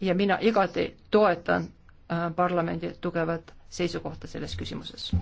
ja mina igati toetan äh, parlamendi tugevat seisukohta selles küsimuses.